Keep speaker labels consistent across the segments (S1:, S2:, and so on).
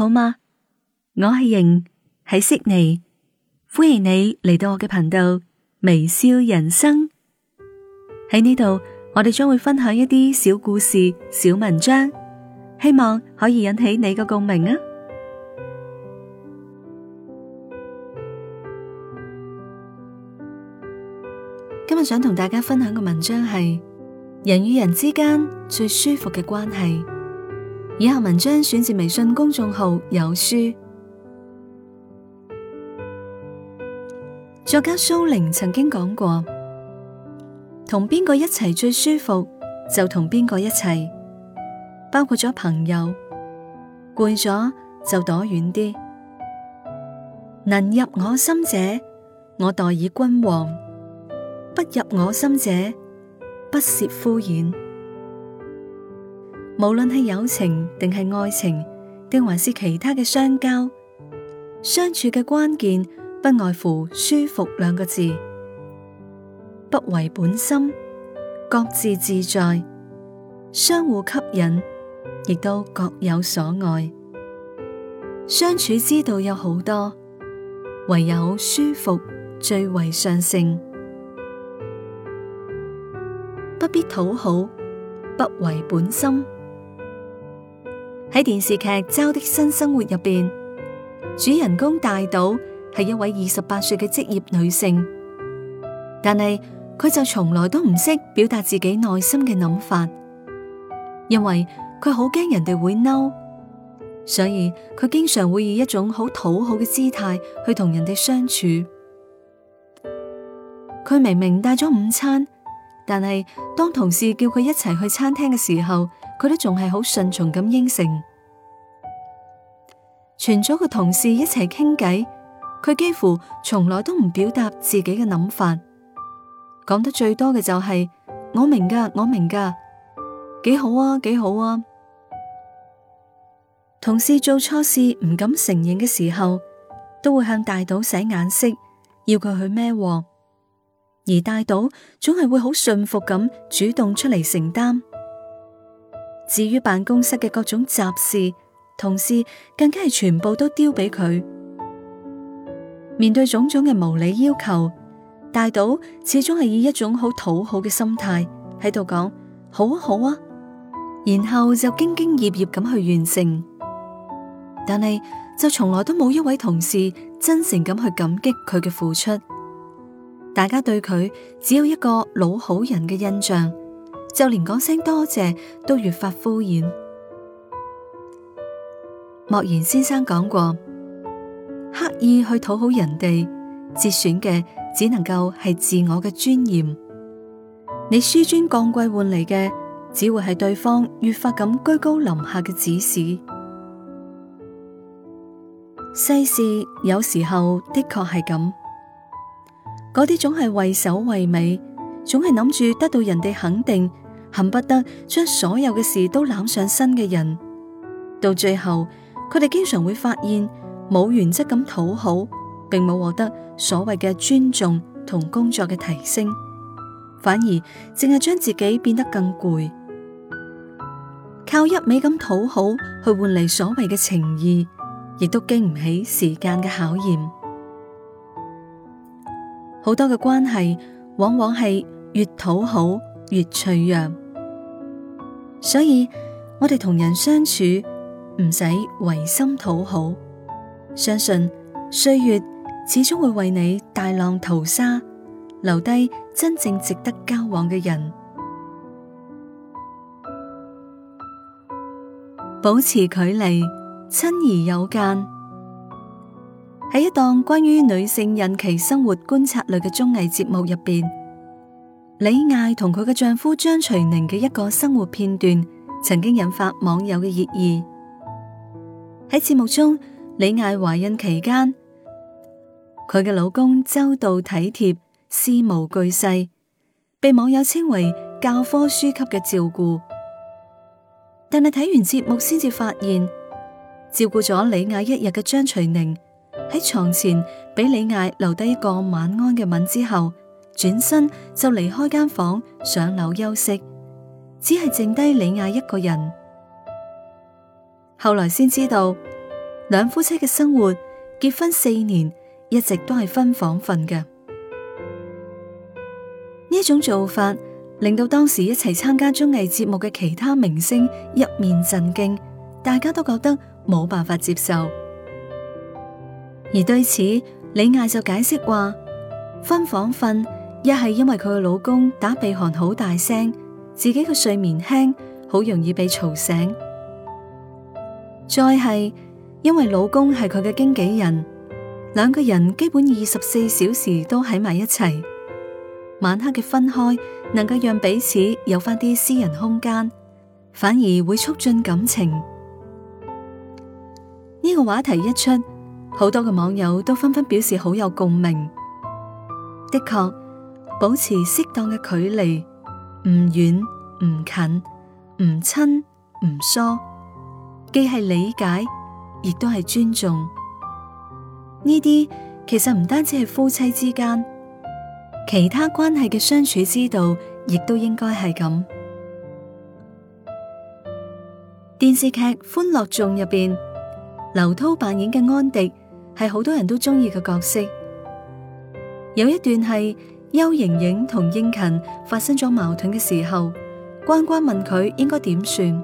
S1: 好嗎？我係瑩，喺悉尼，歡迎你嚟到我嘅頻道微笑人生。喺呢度，我哋將會分享一啲小故事、小文章，希望可以引起你嘅共鳴啊！今日想同大家分享嘅文章係人與人之間最舒服嘅關係。以下文章選自微信公眾號有書。作家蘇玲曾經講過：同邊個一齊最舒服，就同邊個一齊；包括咗朋友，攰咗就躲遠啲。能入我心者，我待以君王；不入我心者，不屑敷衍。無論係友情定係愛情，定還是其他嘅相交，相處嘅關鍵不外乎舒服兩個字。不違本心，各自自在，相互吸引，亦都各有所愛。相處之道有好多，唯有舒服最為上乘，不必討好，不違本心。喺電視劇《周的新生活》入邊，主人公大島係一位二十八歲嘅職業女性，但係佢就從來都唔識表達自己內心嘅諗法，因為佢好驚人哋會嬲，所以佢經常會以一種好討好嘅姿態去同人哋相處。佢明明帶咗午餐。但係，當同事叫佢一齊去餐廳嘅時候，佢都仲係好順從咁應承。全組嘅同事一齊傾偈，佢幾乎從來都唔表達自己嘅諗法，講得最多嘅就係我明噶，我明噶，幾好啊，幾好啊。同事做錯事唔敢承認嘅時候，都會向大島使眼色，要佢去孭鍋。而大島總係會好信服咁主動出嚟承擔，至於辦公室嘅各種雜事，同事更加係全部都丟俾佢。面對種種嘅無理要求，大島始終係以一種討好嘅心態喺度講好啊好啊，然後就兢兢業業咁去完成。但係就從來都冇一位同事真誠咁去感激佢嘅付出。大家對佢只有一個老好人嘅印象，就連講聲多謝都越發敷衍。莫言先生講過：刻意去討好人哋，折損嘅只能夠係自我嘅尊嚴。你紆尊降貴換嚟嘅，只會係對方越發咁居高臨下嘅指使。世事有時候的確係咁。嗰啲總係畏首畏尾，總係諗住得到人哋肯定，恨不得將所有嘅事都攬上身嘅人，到最後佢哋經常會發現冇原則咁討好，並冇獲得所謂嘅尊重同工作嘅提升，反而淨係將自己變得更攰，靠一味咁討好去換嚟所謂嘅情義，亦都經唔起時間嘅考驗。好多嘅關係，往往係越討好越脆弱，所以我哋同人相處唔使違心討好，相信歲月始終會為你大浪淘沙，留低真正值得交往嘅人，保持距離，親而有間。喺一檔關於女性孕期生活觀察類嘅綜藝節目入邊，李艾同佢嘅丈夫張徐寧嘅一個生活片段，曾經引發網友嘅熱議。喺節目中，李艾懷孕期間，佢嘅老公周到體貼、事無巨細，被網友稱為教科書級嘅照顧。但係睇完節目先至發現，照顧咗李艾一日嘅張徐寧。喺床前俾李艾留低一個晚安嘅吻之後，轉身就離開間房上樓休息，只係剩低李艾一個人。後來先知道，兩夫妻嘅生活結婚四年一直都係分房瞓嘅。呢種做法令到當時一齊參加綜藝節目嘅其他明星一面震驚，大家都覺得冇辦法接受。而對此，李艾就解釋話：分房瞓一係因為佢嘅老公打鼻鼾好大聲，自己嘅睡眠輕，好容易被吵醒；再係因為老公係佢嘅經紀人，兩個人基本二十四小時都喺埋一齊，晚黑嘅分開能夠讓彼此有翻啲私人空間，反而會促進感情。呢個話題一出，好多嘅網友都紛紛表示好有共鳴。的確，保持適當嘅距離，唔遠唔近，唔親唔疏，既係理解，亦都係尊重。呢啲其實唔單止係夫妻之間，其他關係嘅相處之道，亦都應該係咁。電視劇《歡樂頌》入邊，劉濤扮演嘅安迪。係好多人都中意嘅角色，有一段係邱瑩瑩同應勤發生咗矛盾嘅時候，關關問佢應該點算，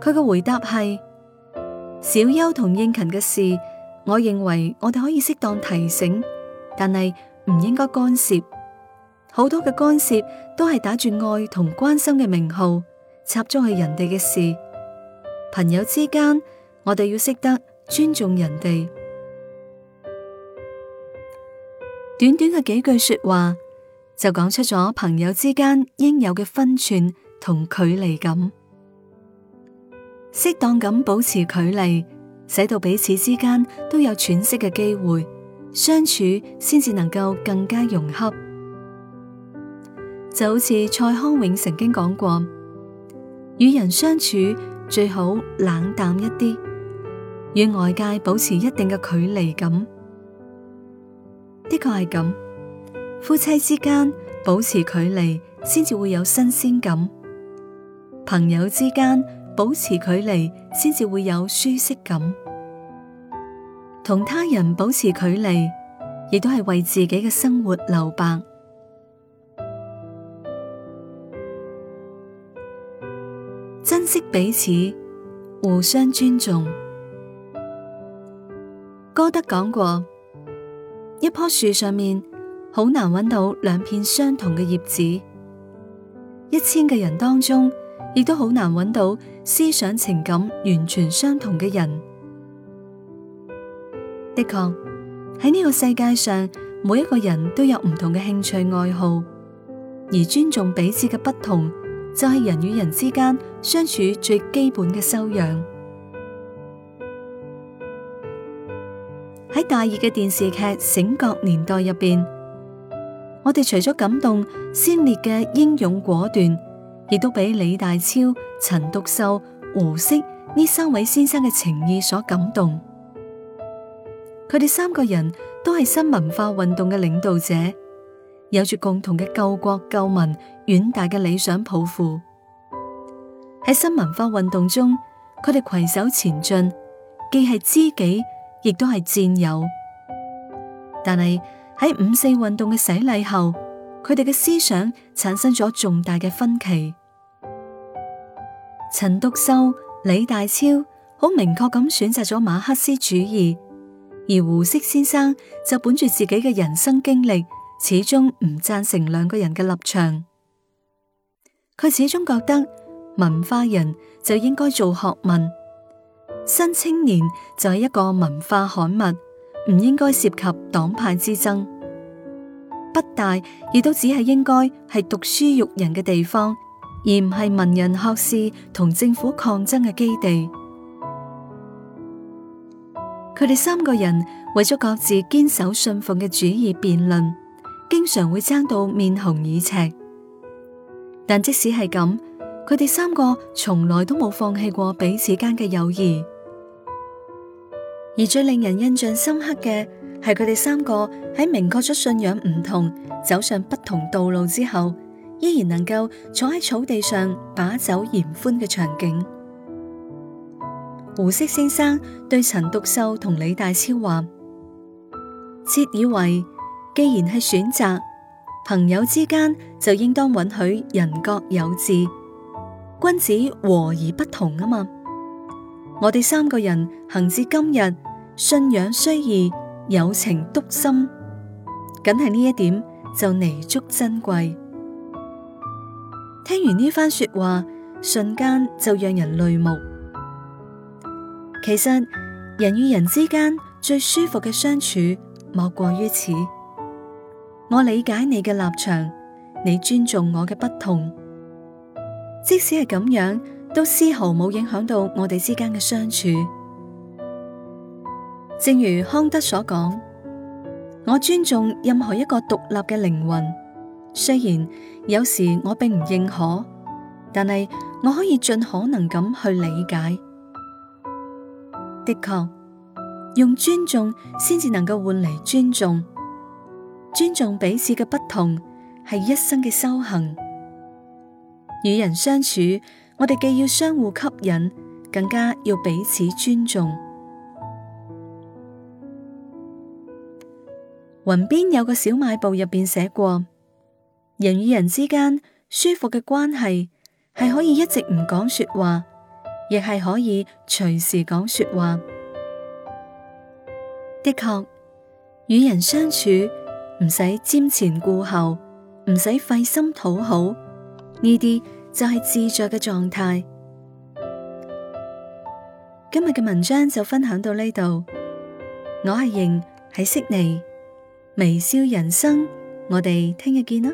S1: 佢嘅回答係：小邱同應勤嘅事，我認為我哋可以適當提醒，但係唔應該干涉。好多嘅干涉都係打住愛同關心嘅名號插足去人哋嘅事。朋友之間，我哋要識得尊重人哋。短短嘅幾句說話，就講出咗朋友之間應有嘅分寸同距離感。適當咁保持距離，使到彼此之間都有喘息嘅機會，相處先至能夠更加融洽。就好似蔡康永曾經講過，與人相處最好冷淡一啲，與外界保持一定嘅距離感。的確係咁，夫妻之間保持距離，先至會有新鮮感；朋友之間保持距離，先至會有舒適感。同他人保持距離，亦都係為自己嘅生活留白。珍惜彼此，互相尊重。歌德講過，一棵樹上面好難揾到兩片相同嘅葉子，一千個人當中亦都好難揾到思想情感完全相同嘅人。的確喺呢個世界上，每一個人都有唔同嘅興趣愛好，而尊重彼此嘅不同，就係人與人之間相處最基本嘅修養。喺大熱嘅電視劇《醒覺年代》入邊，我哋除咗感動先烈嘅英勇果斷，亦都俾李大釗、陳獨秀、胡適呢三位先生嘅情意所感動。佢哋三個人都係新文化運動嘅領導者，有住共同嘅救國救民遠大嘅理想抱負。喺新文化運動中，佢哋攜手前進，既係知己，亦都係戰友，但係喺五四運動嘅洗禮後，佢哋嘅思想產生咗重大嘅分歧。陳獨秀、李大釗好明確咁選擇咗馬克思主義，而胡適先生就本住自己嘅人生經歷，始終唔贊成兩個人嘅立場。佢始終覺得文化人就應該做學問。新青年就係一個文化刊物，唔應該涉及黨派之爭。北大亦都只係應該係讀書育人嘅地方，而唔係文人學士同政府抗爭嘅基地。佢哋三個人為咗各自堅守信奉嘅主義辯論，經常會爭到面紅耳赤。但即使係咁，佢哋三個從來都冇放棄過彼此間嘅友誼。而最令人印象深刻嘅係佢哋三個喺明確咗信仰唔同，走上不同道路之後，依然能夠坐喺草地上把酒言歡嘅場景。胡適先生對陳獨秀同李大釗話：竊以為既然係選擇，朋友之間就應當允許人各有志，君子和而不同啊嘛。我哋三個人行至今日。信仰雖異，友情篤心，僅係呢一點就彌足珍貴。聽完呢番說話，瞬間就讓人淚目。其實人與人之間最舒服嘅相處，莫過於此。我理解你嘅立場，你尊重我嘅不同，即使係咁樣，都絲毫冇影響到我哋之間嘅相處。正如康德所講，我尊重任何一個獨立嘅靈魂，雖然有時我並唔認可，但係我可以盡可能咁去理解。的確，用尊重先至能夠換嚟尊重，尊重彼此嘅不同係一生嘅修行。與人相處，我哋既要相互吸引，更加要彼此尊重。雲邊有個小賣部入邊寫過，人與人之間舒服嘅關係係可以一直唔講說話，亦係可以隨時講說話。的確，與人相處唔使瞻前顧後，唔使費心討好，呢啲就係自在嘅狀態。今日嘅文章就分享到呢度，我係瑩，喺悉尼。微笑人生，我哋聽日見啦。